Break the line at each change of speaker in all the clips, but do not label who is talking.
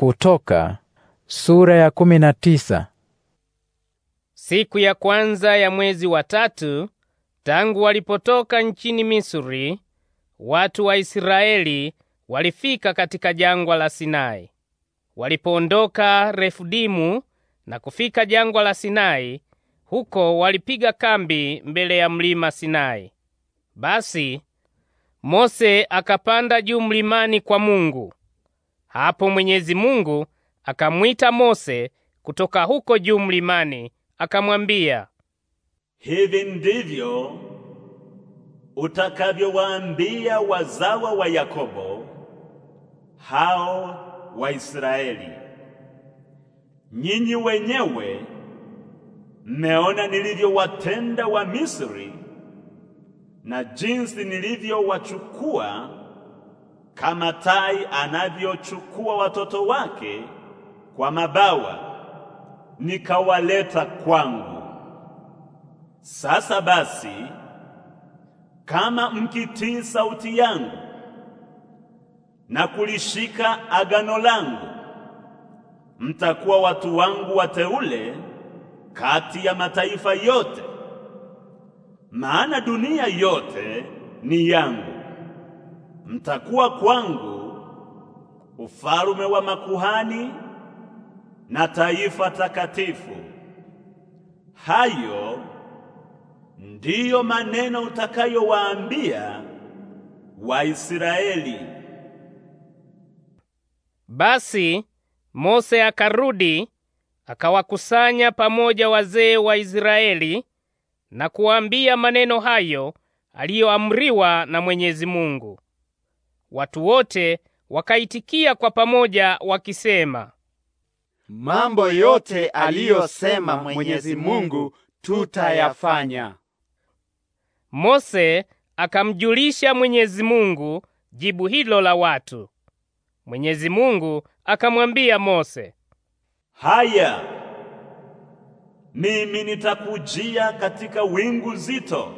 Kutoka sura ya kumi na tisa. Siku ya kwanza ya mwezi wa tatu tangu walipotoka nchini Misri, watu wa Israeli walifika katika jangwa la Sinai. Walipoondoka Refudimu na kufika jangwa la Sinai, huko walipiga kambi mbele ya mlima Sinai. Basi Mose akapanda juu mlimani kwa Mungu. Hapo Mwenyezi Mungu akamwita Mose kutoka huko juu mlimani, akamwambia,
hivi ndivyo utakavyowaambia wazawa wa Yakobo hao Waisraeli, nyinyi wenyewe mmeona nilivyowatenda wa Misri na jinsi nilivyowachukua kama tai anavyochukua watoto wake kwa mabawa, nikawaleta kwangu. Sasa basi, kama mkitii sauti yangu na kulishika agano langu, mtakuwa watu wangu wateule kati ya mataifa yote, maana dunia yote ni yangu mtakuwa kwangu ufalume wa makuhani na taifa takatifu. Hayo ndiyo maneno utakayowaambia Waisraeli.
Basi Mose akarudi akawakusanya pamoja wazee wa Israeli na kuambia maneno hayo aliyoamriwa na Mwenyezi Mungu. Watu wote wakaitikia kwa pamoja wakisema, mambo yote aliyosema Mwenyezi Mungu tutayafanya. Mose akamjulisha Mwenyezi Mungu jibu hilo la watu. Mwenyezi Mungu akamwambia Mose, haya, mimi
nitakujia katika wingu zito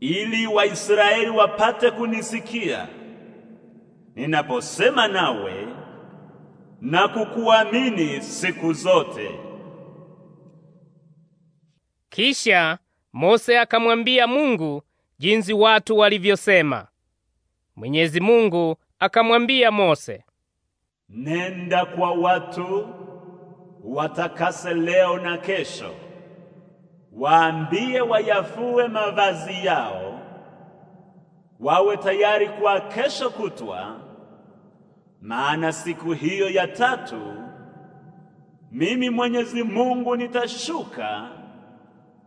ili Waisraeli wapate kunisikia ninaposema nawe na kukuamini siku zote.
Kisha Mose akamwambia Mungu jinsi watu walivyosema. Mwenyezi Mungu akamwambia Mose, nenda kwa watu watakase leo na kesho
waambie wayafue mavazi yao, wawe tayari kwa kesho kutwa, maana siku hiyo ya tatu mimi Mwenyezi Mungu nitashuka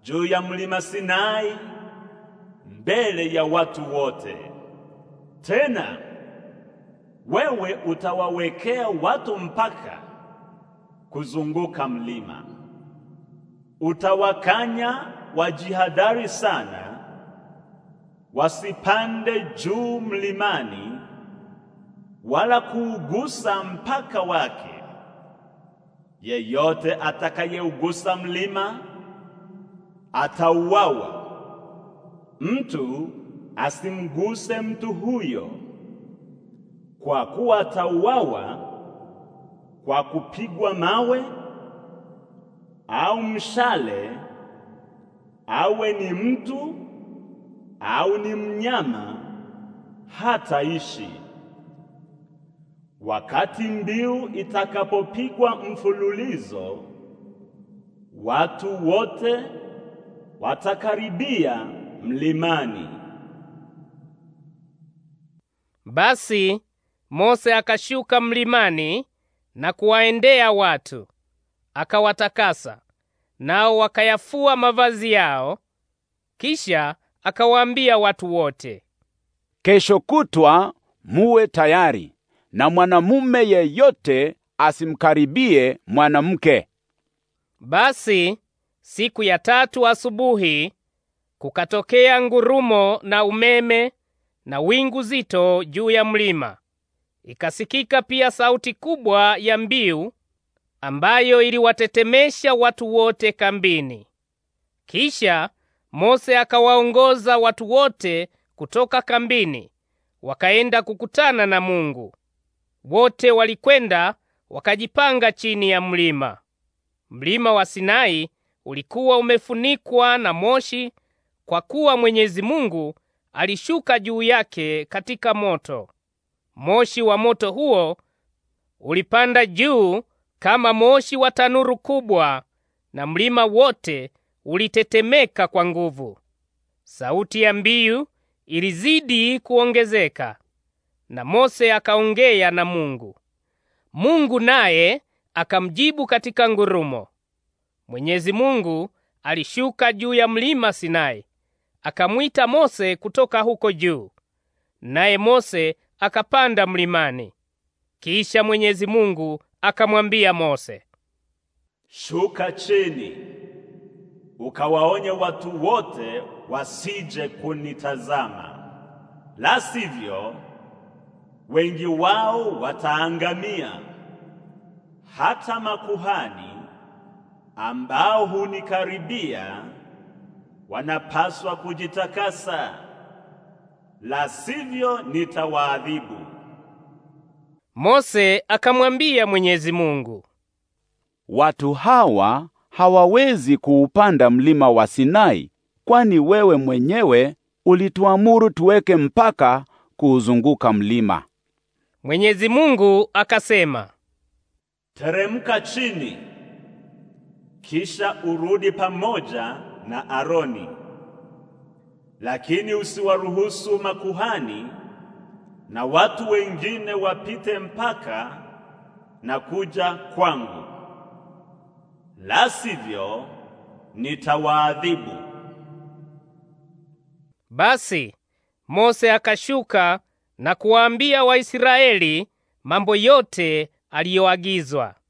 juu ya mlima Sinai mbele ya watu wote. Tena wewe utawawekea watu mpaka kuzunguka mlima. Utawakanya wajihadhari sana, wasipande juu mlimani, wala kuugusa mpaka wake. Yeyote atakayeugusa mlima atauawa. Mtu asimguse mtu huyo, kwa kuwa atauawa kwa kupigwa mawe au mshale, awe ni mtu au ni mnyama, hata ishi Wakati mbiu itakapopigwa mfululizo, watu wote watakaribia mlimani.
Basi Mose akashuka mlimani na kuwaendea watu, akawatakasa nao wakayafua mavazi yao. Kisha akawaambia watu wote,
kesho kutwa muwe tayari, na mwanamume yeyote asimkaribie mwanamke.
Basi siku ya tatu asubuhi kukatokea ngurumo na umeme na wingu zito juu ya mlima. Ikasikika pia sauti kubwa ya mbiu ambayo iliwatetemesha watu wote kambini. Kisha Mose akawaongoza watu wote kutoka kambini wakaenda kukutana na Mungu. Wote walikwenda wakajipanga chini ya mlima. Mlima wa Sinai ulikuwa umefunikwa na moshi kwa kuwa Mwenyezi Mungu alishuka juu yake katika moto. Moshi wa moto huo ulipanda juu kama moshi wa tanuru kubwa, na mlima wote ulitetemeka kwa nguvu. Sauti ya mbiu ilizidi kuongezeka, na Mose akaongea na Mungu. Mungu naye akamjibu katika ngurumo. Mwenyezi Mungu alishuka juu ya mlima Sinai, akamwita Mose kutoka huko juu, naye Mose akapanda mlimani. Kisha Mwenyezi Mungu akamwambia Mose,
shuka chini ukawaonye watu wote wasije kunitazama, la sivyo wengi wao wataangamia. Hata makuhani ambao hunikaribia wanapaswa kujitakasa, la sivyo nitawaadhibu.
Mose akamwambia Mwenyezi Mungu, watu hawa hawawezi
kuupanda mlima wa Sinai, kwani wewe mwenyewe ulituamuru tuweke mpaka kuuzunguka mlima.
Mwenyezi Mungu akasema, teremka chini, kisha urudi
pamoja na Aroni, lakini usiwaruhusu makuhani na watu wengine wapite mpaka na kuja kwangu, la sivyo
nitawaadhibu. Basi Mose akashuka na kuwaambia Waisraeli mambo yote aliyoagizwa.